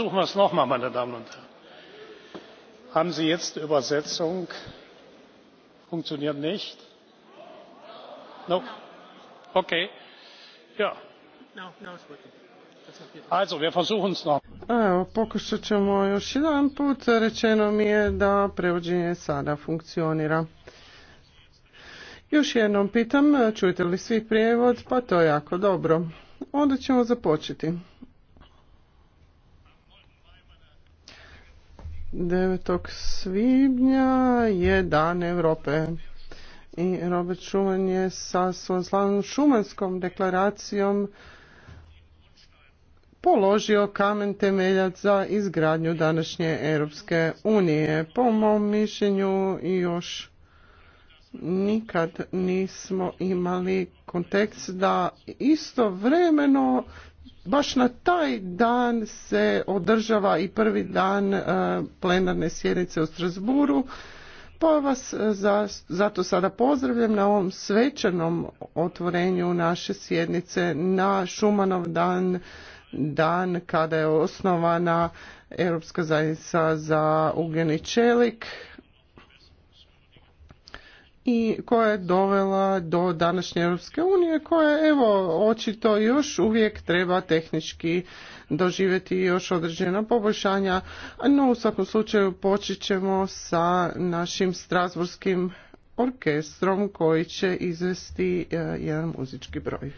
versuchen wir es noch einmal meine damen und herren. haben sie jetzt übersetzung? funktioniert nicht? okay. Ja. Also, wir versuchen es noch. Evo, pokušat ćemo još jedan put. Rečeno mi je da prevođenje sada funkcionira. Još jednom pitam, čujete li svi prijevod? Pa to je jako dobro. Onda ćemo započeti. 9. svibnja je Dan Europe i Robert Schuman je sa svojom slavnom šumanskom deklaracijom položio kamen temeljac za izgradnju današnje Europske unije. Po mom mišljenju još nikad nismo imali kontekst da istovremeno baš na taj dan se održava i prvi dan e, plenarne sjednice u Strasburu pa vas e, zato sada pozdravljam na ovom svečanom otvorenju naše sjednice na Šumanov dan, dan kada je osnovana Europska zajednica za ugljeni čelik i koja je dovela do današnje Europske unije koja evo očito još uvijek treba tehnički doživjeti još određena poboljšanja, no u svakom slučaju počet ćemo sa našim Strasburskim orkestrom koji će izvesti e, jedan muzički broj.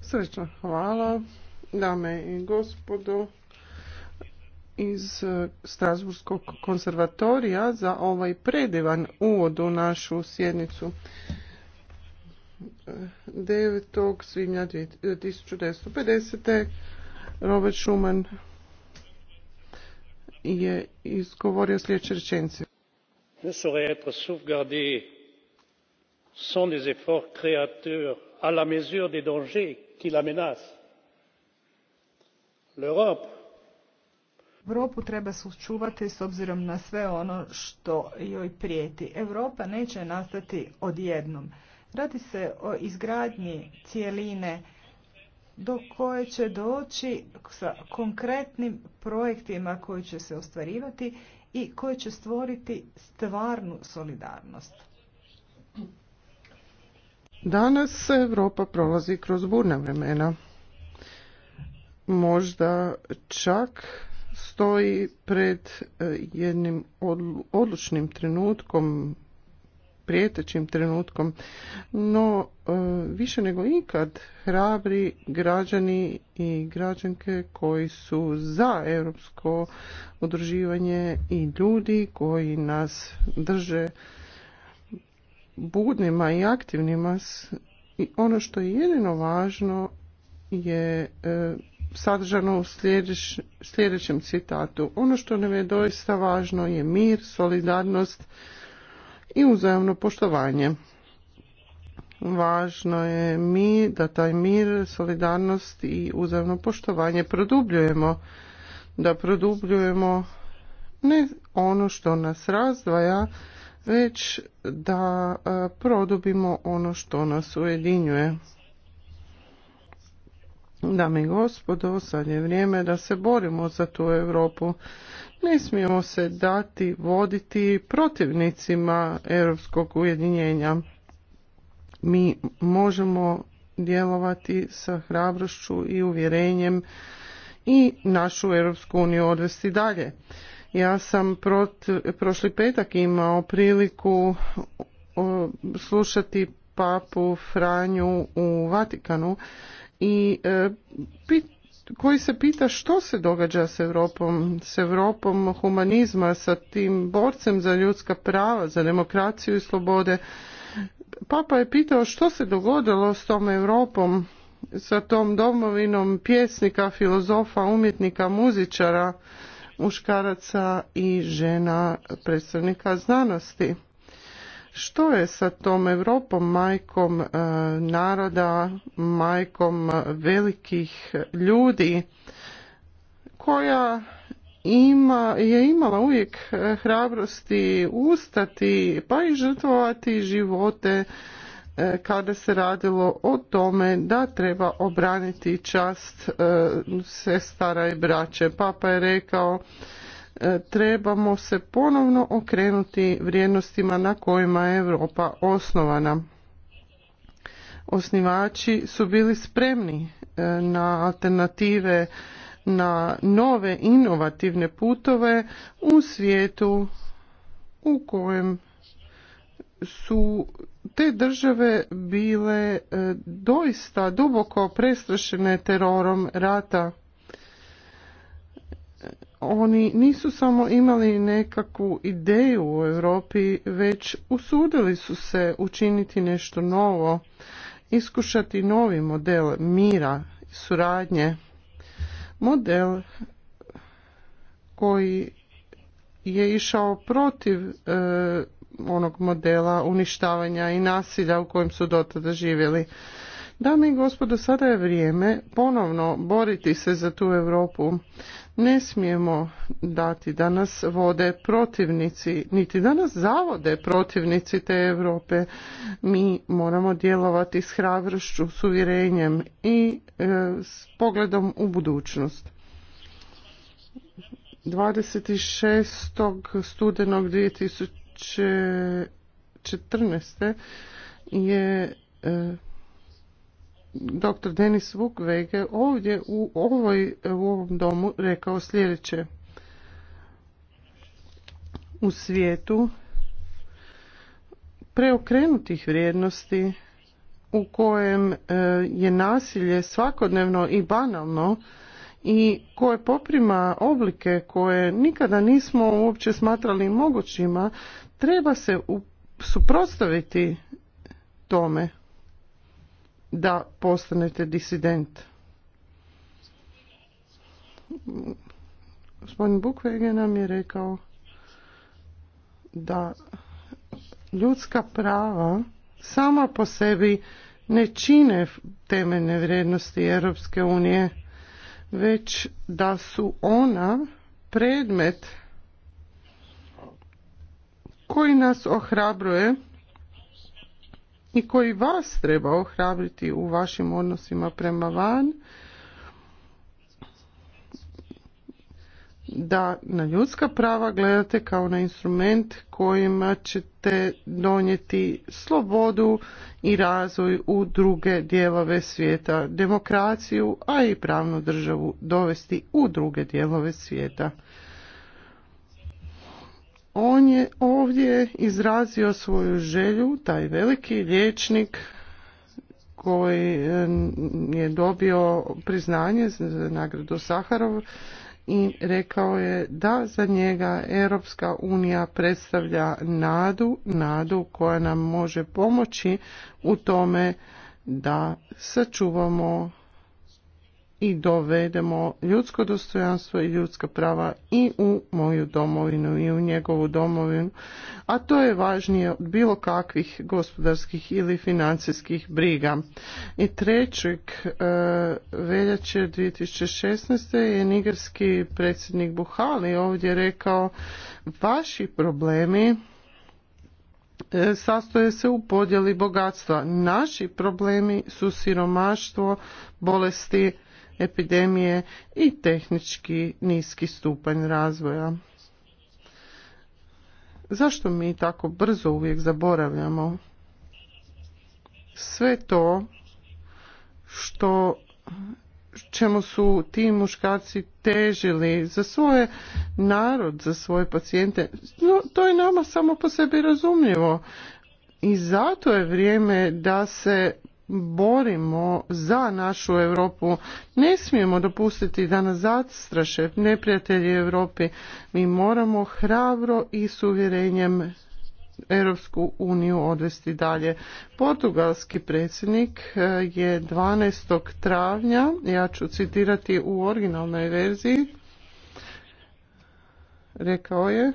Srećno hvala, dame i gospodo iz e, Strasburskog konzervatorija za ovaj predivan uvod u našu sjednicu 9. E, svibnja 1950. E, Robert Schumann je izgovorio sljedeće rečenice. Ne être sauvegardé sont des efforts créateurs à la mesure des dangers qui la menacent. europu treba sačuvati s obzirom na sve ono što joj prijeti. europa neće nastati odjednom. radi se o izgradnji cjeline do koje će doći sa konkretnim projektima koji će se ostvarivati i koji će stvoriti stvarnu solidarnost. Danas Europa prolazi kroz burna vremena. Možda čak stoji pred e, jednim odlučnim trenutkom, prijetećim trenutkom, no e, više nego ikad hrabri građani i građanke koji su za europsko udruživanje i ljudi koji nas drže budnima i aktivnima i ono što je jedino važno je e, sadržano u sljedeć, sljedećem citatu. Ono što nam je doista važno je mir, solidarnost i uzajamno poštovanje. Važno je mi da taj mir, solidarnost i uzajamno poštovanje produbljujemo, da produbljujemo ne ono što nas razdvaja, već da e, produbimo ono što nas ujedinjuje. Dame i gospodo, sad je vrijeme da se borimo za tu Europu. Ne smijemo se dati voditi protivnicima europskog ujedinjenja. Mi možemo djelovati sa hrabrošću i uvjerenjem i našu Europsku uniju odvesti dalje. Ja sam prošli petak imao priliku slušati papu Franju u Vatikanu i e, koji se pita što se događa s Europom, s Europom humanizma, sa tim borcem za ljudska prava, za demokraciju i slobode. Papa je pitao što se dogodilo s tom Europom, sa tom domovinom pjesnika, filozofa, umjetnika, muzičara, muškaraca i žena predstavnika znanosti. Što je sa tom Europom, majkom e, naroda, majkom velikih ljudi koja ima, je imala uvijek hrabrosti ustati pa i žrtvovati živote E, kada se radilo o tome da treba obraniti čast e, sestara i braće. Papa je rekao e, trebamo se ponovno okrenuti vrijednostima na kojima je Europa osnovana. Osnivači su bili spremni na alternative, na nove inovativne putove u svijetu u kojem su te države bile e, doista duboko prestrašene terorom rata. Oni nisu samo imali nekakvu ideju u Europi, već usudili su se učiniti nešto novo, iskušati novi model mira i suradnje. Model koji je išao protiv e, onog modela uništavanja i nasilja u kojem su dotada živjeli. Dame i gospodo, sada je vrijeme ponovno boriti se za tu Europu. Ne smijemo dati da nas vode protivnici, niti da nas zavode protivnici te Europe. Mi moramo djelovati s hrabrošću, s uvjerenjem i e, s pogledom u budućnost. 26. studenog 2000 2014. je e, dr. Denis Vukvege ovdje u, ovoj, u ovom domu rekao sljedeće. U svijetu preokrenutih vrijednosti u kojem e, je nasilje svakodnevno i banalno i koje poprima oblike koje nikada nismo uopće smatrali mogućima treba se suprotstaviti tome da postanete disident. Gospodin Bukvege nam je rekao da ljudska prava sama po sebi ne čine temeljne vrijednosti Europske unije, već da su ona predmet koji nas ohrabruje i koji vas treba ohrabriti u vašim odnosima prema van, da na ljudska prava gledate kao na instrument kojima ćete donijeti slobodu i razvoj u druge dijelove svijeta, demokraciju, a i pravnu državu dovesti u druge dijelove svijeta on je ovdje izrazio svoju želju, taj veliki liječnik koji je dobio priznanje za nagradu Saharov i rekao je da za njega Europska unija predstavlja nadu, nadu koja nam može pomoći u tome da sačuvamo i dovedemo ljudsko dostojanstvo i ljudska prava i u moju domovinu i u njegovu domovinu, a to je važnije od bilo kakvih gospodarskih ili financijskih briga. I trećeg e, veljače 2016. je nigerski predsjednik Buhali ovdje rekao vaši problemi e, sastoje se u podjeli bogatstva. Naši problemi su siromaštvo, bolesti, epidemije i tehnički niski stupanj razvoja. Zašto mi tako brzo uvijek zaboravljamo sve to što čemu su ti muškarci težili za svoje narod, za svoje pacijente. No, to je nama samo po sebi razumljivo. I zato je vrijeme da se borimo za našu Europu. Ne smijemo dopustiti da nas zastraše neprijatelji Europi. Mi moramo hrabro i s uvjerenjem Europsku uniju odvesti dalje. Portugalski predsjednik e, je 12. travnja, ja ću citirati u originalnoj verziji, rekao je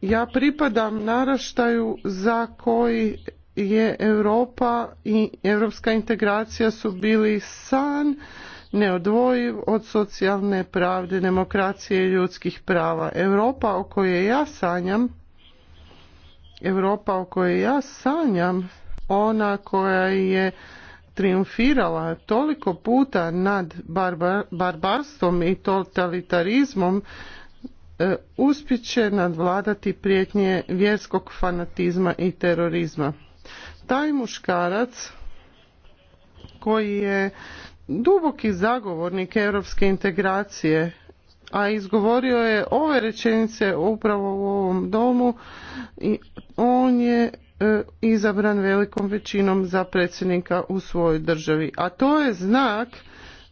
ja pripadam naraštaju za koji je Europa i europska integracija su bili san neodvojiv od socijalne pravde, demokracije i ljudskih prava. Europa o kojoj ja sanjam, Europa o kojoj ja sanjam, ona koja je triumfirala toliko puta nad barbarstvom i totalitarizmom, e, uspjeće nadvladati prijetnje vjerskog fanatizma i terorizma. Taj muškarac koji je duboki zagovornik europske integracije, a izgovorio je ove rečenice upravo u ovom domu i on je e, izabran velikom većinom za predsjednika u svojoj državi. A to je znak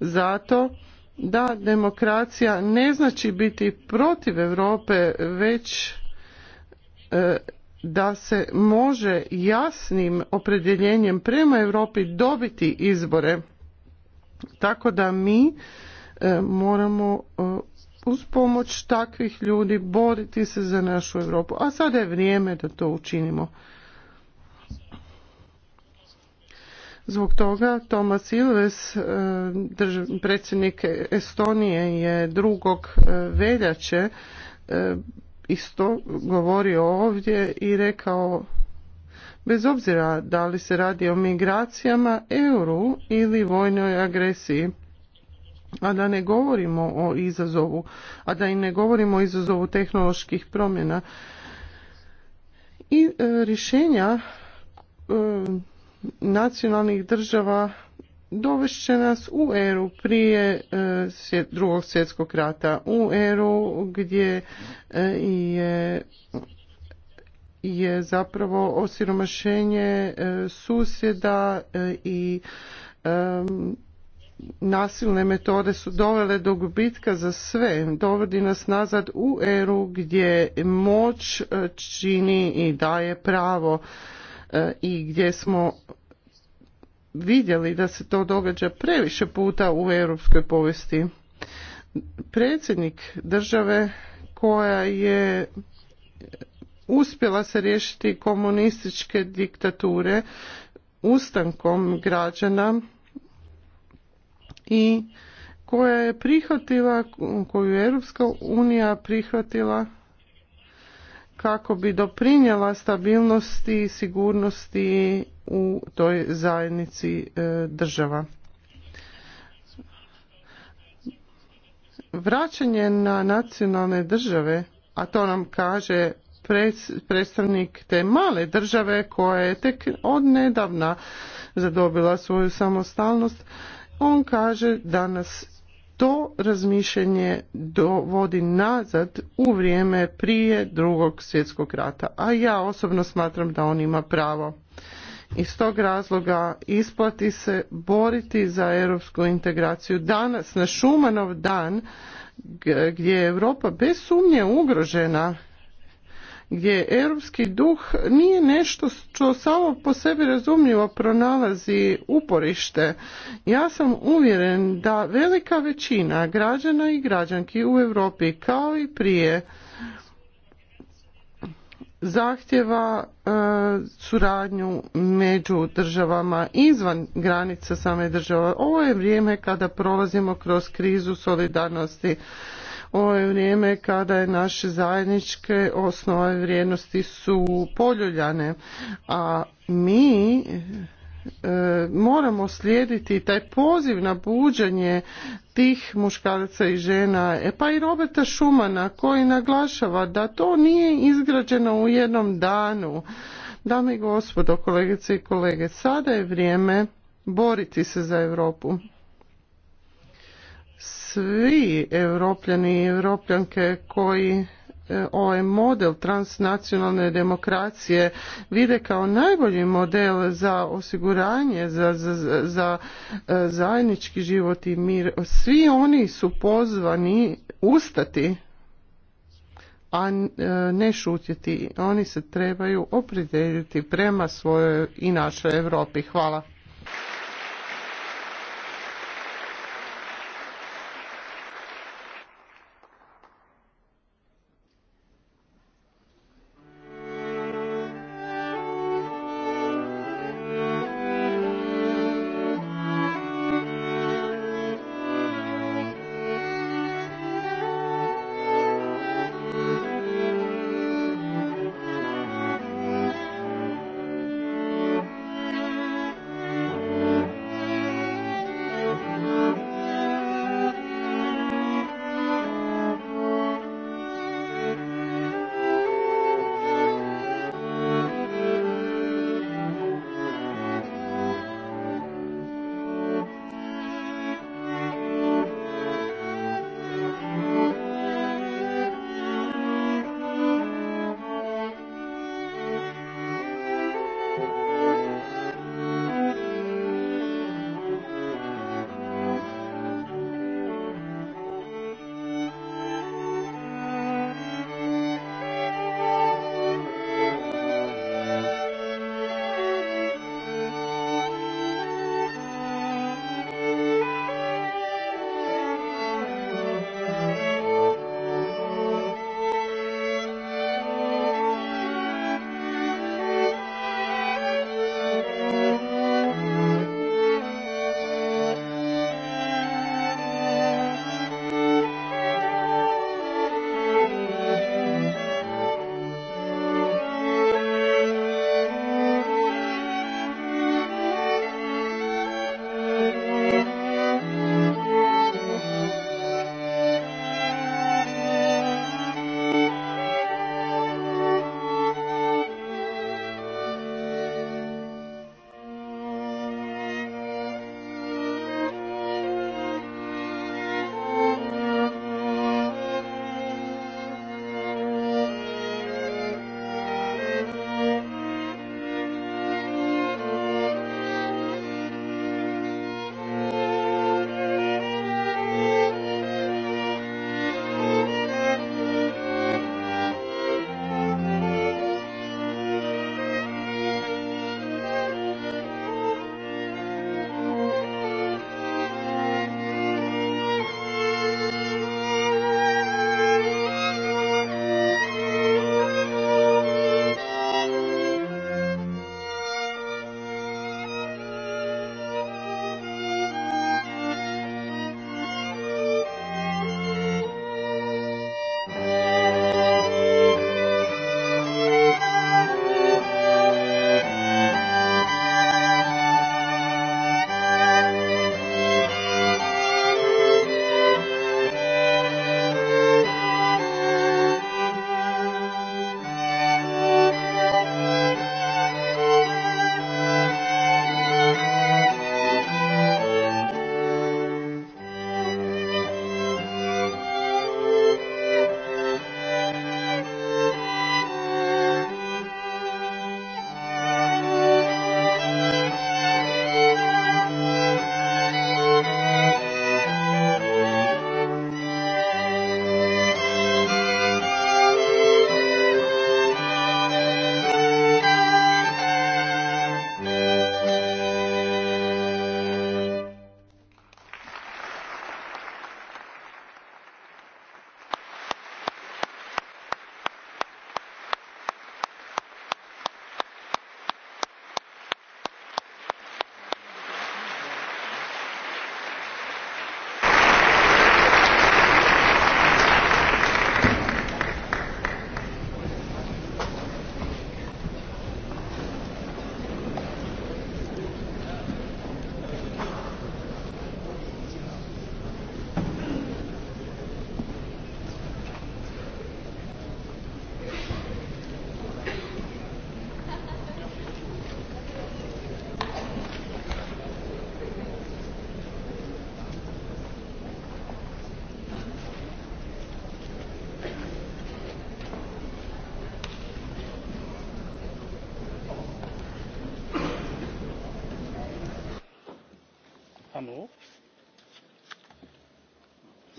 zato da demokracija ne znači biti protiv Europe već e, da se može jasnim opredjeljenjem prema Europi dobiti izbore. Tako da mi e, moramo e, uz pomoć takvih ljudi boriti se za našu Europu. A sada je vrijeme da to učinimo. Zbog toga Tomas Ilves, e, predsjednik Estonije je drugog veljače isto govorio ovdje i rekao bez obzira da li se radi o migracijama, euru ili vojnoj agresiji. A da ne govorimo o izazovu, a da i ne govorimo o izazovu tehnoloških promjena. I e, rješenja e, nacionalnih država dovešće nas u eru prije e, drugog svjetskog rata, u eru gdje e, je je zapravo osiromašenje e, susjeda i nasilne metode su dovele do gubitka za sve. Dovodi nas nazad u eru gdje moć čini i daje pravo i gdje smo vidjeli da se to događa previše puta u europskoj povijesti. Predsjednik države koja je uspjela se riješiti komunističke diktature ustankom građana i koja je prihvatila, koju je Europska unija prihvatila kako bi doprinjela stabilnosti i sigurnosti u toj zajednici e, država. Vraćanje na nacionalne države, a to nam kaže predstavnik te male države koja je tek od nedavna zadobila svoju samostalnost, on kaže da nas to razmišljanje dovodi nazad u vrijeme prije drugog svjetskog rata, a ja osobno smatram da on ima pravo. Iz tog razloga isplati se boriti za europsku integraciju danas na Šumanov dan gdje je Europa bez sumnje ugrožena gdje europski duh nije nešto što samo po sebi razumljivo pronalazi uporište. Ja sam uvjeren da velika većina građana i građanki u Europi kao i prije zahtjeva e, suradnju među državama izvan granica same države. Ovo je vrijeme kada prolazimo kroz krizu solidarnosti. Ovo je vrijeme kada je naše zajedničke osnove vrijednosti su poljuljane, a mi e, moramo slijediti taj poziv na buđanje tih muškaraca i žena, e, pa i Roberta Šumana koji naglašava da to nije izgrađeno u jednom danu. Dame i gospodo, kolegice i kolege, sada je vrijeme boriti se za Europu svi europljani i europljanke koji e, ovaj model transnacionalne demokracije vide kao najbolji model za osiguranje, za, za, e, zajednički život i mir. Svi oni su pozvani ustati, a e, ne šutjeti. Oni se trebaju opredijeliti prema svojoj i našoj Europi. Hvala.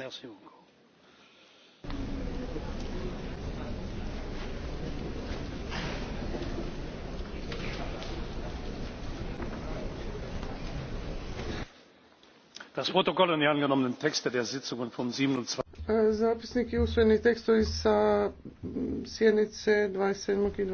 Merci beaucoup. Das Protokoll und die angenommenen Texte der Sitzungen vom 27. Zapisnik i usvojeni tekstovi sa sjednice 27. i